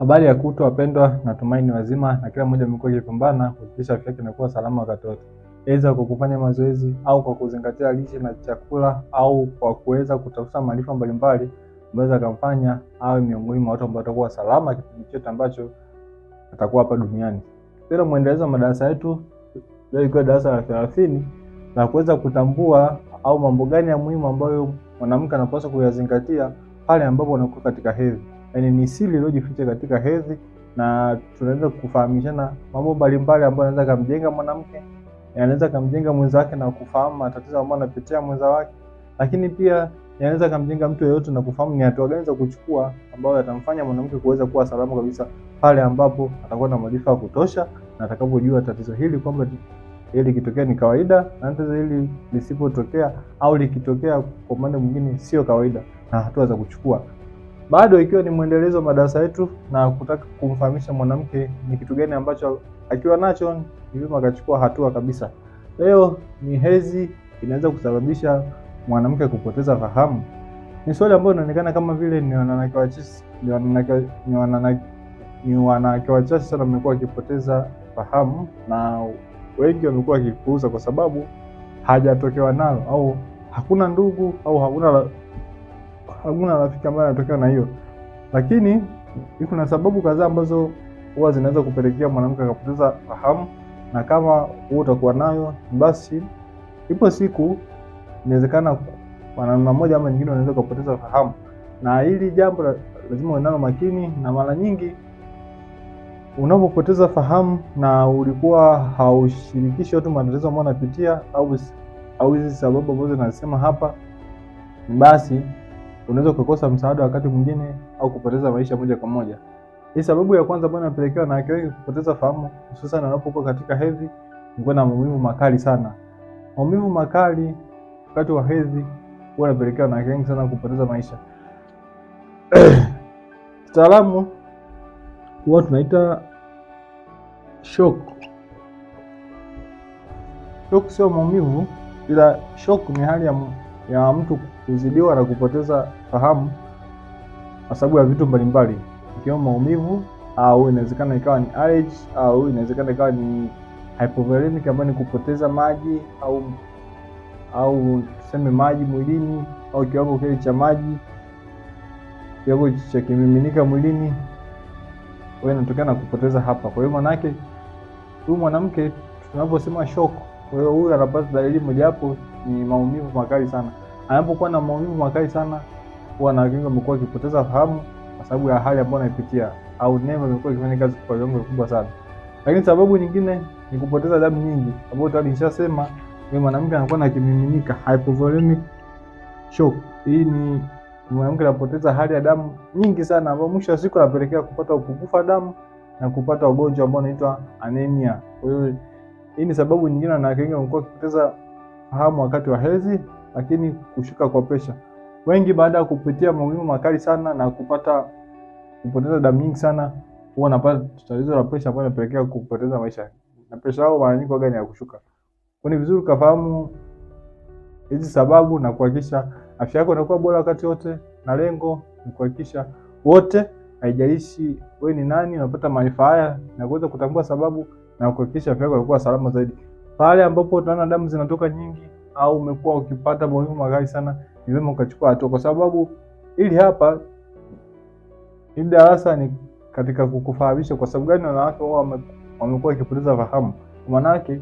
Habari ya kutwa wapendwa, natumaini wazima na kila mmoja amekuwa akipambana kuhakikisha afya yake inakuwa salama wakati wote, aidha kwa kufanya mazoezi au kwa kuzingatia lishe na chakula au kwa kuweza kutafuta maarifa mbalimbali ambazo akamfanya awe miongoni mwa watu ambao watakuwa salama kipindi chote ambacho atakuwa hapa duniani. Tena mwendelezo wa madarasa yetu leo, ikiwa darasa la thelathini na kuweza kutambua au mambo gani ya muhimu ambayo mwanamke anapaswa kuyazingatia pale ambapo anakuwa katika hedhi yani ni siri iliyojificha katika hedhi, na tunaweza kufahamishana mambo mbalimbali ambayo anaweza kumjenga mwanamke, anaweza kumjenga mwenza wake na kufahamu matatizo ambayo anapitia mwenza wake, lakini pia anaweza kumjenga mtu yeyote na kufahamu ni hatua gani za kuchukua ambayo yatamfanya mwanamke kuweza kuwa salama kabisa pale ambapo atakuwa na maarifa ya kutosha na atakapojua tatizo hili kwamba ili likitokea ni kawaida na tatizo hili lisipotokea au likitokea kwa upande mwingine sio kawaida, na hatua za kuchukua bado ikiwa ni mwendelezo wa madarasa yetu na kutaka kumfahamisha mwanamke ni kitu gani ambacho akiwa nacho vipima akachukua hatua kabisa. Leo ni hedhi inaweza kusababisha mwanamke kupoteza fahamu. Ni swali ambalo inaonekana kama vile ni wanawake wachache ni wanawake ni wanawake ni wanawake wachache sana wamekuwa wakipoteza fahamu, na wengi wamekuwa wakipuuza kwa sababu hajatokewa nalo au hakuna ndugu au hakuna hakuna rafiki ambaye anatokea na hiyo, lakini kuna sababu kadhaa ambazo huwa zinaweza kupelekea mwanamke akapoteza fahamu, na kama wewe utakuwa nayo, basi ipo siku inawezekana kwa namna moja ama nyingine unaweza kupoteza fahamu, na hili jambo lazima uwe nalo makini. Na mara nyingi unapopoteza fahamu na ulikuwa haushirikishi watu matatizo ambayo unapitia au au hizi sababu ambazo nasema hapa, basi unaweza ukakosa msaada wakati mwingine au kupoteza maisha moja kwa moja. Hii sababu ya kwanza ambayo na wanawake wengi kupoteza fahamu, hususan wanapokuwa katika hedhi, ni kuwa na maumivu makali sana. Maumivu makali wakati wa hedhi huwa yanapelekea wanawake wengi sana kupoteza maisha. Kitaalamu huwa tunaita shock. Shock sio maumivu, ila shock ni hali ya, ya mtu Kuzidiwa na kupoteza fahamu kwa sababu ya vitu mbalimbali ikiwemo maumivu, au inawezekana ikawa ni allergy, au inawezekana ikawa ni hypovolemic ambayo ni kupoteza maji au au tuseme maji mwilini au kiwango kile cha maji kiwango cha kimiminika mwilini wewe inatokana na kupoteza hapa. Kwa hiyo manake huyu mwanamke tunaposema shock, kwa hiyo huyu anapata dalili mojawapo ni maumivu makali sana anapokuwa na maumivu makali sana, huwa na wengi wamekuwa wakipoteza fahamu kwa sababu ya hali ambayo anaipitia, au neva imekuwa ikifanya kazi kwa viwango vikubwa sana. Lakini sababu nyingine ni kupoteza damu nyingi, ambayo tayari nishasema yule mwanamke anakuwa na kimiminika, hypovolemic shock. Hii ni mwanamke anapoteza hali ya damu nyingi sana, ambayo mwisho wa siku anapelekea kupata upungufu wa damu na kupata ugonjwa ambao unaitwa anemia. Kwa hiyo hii ni sababu nyingine, wanawake wengi wamekuwa wakipoteza fahamu wakati wa hedhi lakini kushuka kwa presha. Wengi baada ya kupitia maumivu makali sana na kupata kupoteza damu nyingi sana, huwa wanapata tatizo la presha ambayo inapelekea kupoteza maisha, na presha yao mara nyingi gani ya kushuka. Kwa ni vizuri ukafahamu hizi sababu na kuhakikisha afya yako inakuwa bora wakati wote, na lengo ni kuhakikisha wote, haijalishi wewe ni nani, unapata maarifa haya na kuweza kutambua sababu na kuhakikisha afya yako inakuwa salama zaidi. Pale ambapo tunaona damu zinatoka nyingi au umekuwa ukipata maumivu makali sana, ni vyema ukachukua hatua, kwa sababu ili hapa ili darasa ni katika kukufahamisha kwa sababu gani wanawake wao wamekuwa wakipoteza fahamu. Maanake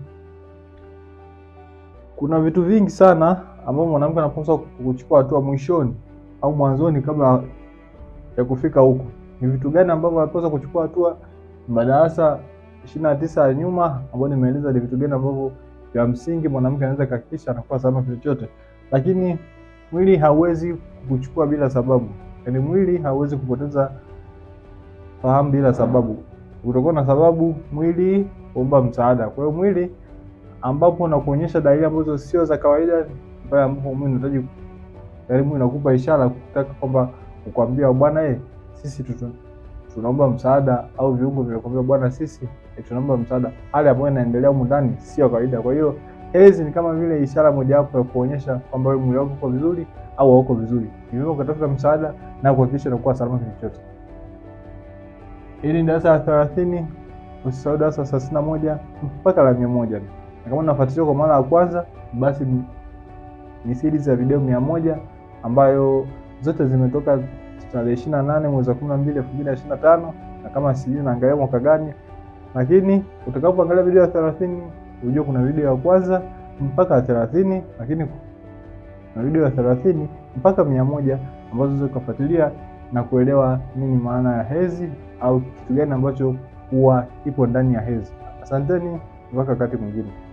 kuna vitu vingi sana ambavyo mwanamke anapaswa kuchukua hatua mwishoni au mwanzoni kabla ya kufika huko. Ni vitu gani ambavyo anapaswa kuchukua hatua? Madarasa ishirini na tisa ya nyuma ambayo nimeeleza ni vitu gani ambavyo vya msingi mwanamke anaweza kuhakikisha anakuwa salama kitu chochote, lakini mwili hauwezi kuchukua bila sababu. Yaani mwili hauwezi kupoteza fahamu bila sababu. Utakuwa na sababu mwili kuomba msaada. Kwa hiyo mwili ambapo unakuonyesha dalili ambazo sio za kawaida, pale ambapo mwili unahitaji elimu, yaani inakupa ishara kutaka kwamba kukwambia bwana, eh, sisi tutu tunaomba msaada au viungo vinakwambia bwana, sisi e, tunaomba msaada, hali ambayo inaendelea humu ndani sio kawaida. Kwa hiyo hedhi ni kama vile ishara mojawapo ya kuonyesha kwamba wewe mwili wako uko vizuri au hauko vizuri, hivyo ukatafuta msaada na kuhakikisha unakuwa salama kwenye chochote. Hili ni darasa la thelathini. Usisahau darasa la thelathini na moja mpaka la mia moja na kama unafuatilia kwa mara ya kwanza, basi ni series ya video mia moja ambayo zote zimetoka tarehe ishirini na mwezi wa na na tano na kama sijui naangalia mwaka gani, lakini utakapoangalia video ya thelathini ujue kuna video ya kwanza mpaka ya thelathini lakini na video ya thelathini mpaka mia ambazo unaweza kufuatilia na kuelewa nini maana ya hedhi au kitu gani ambacho huwa ipo ndani ya hedhi. Asanteni mpaka wakati mwingine.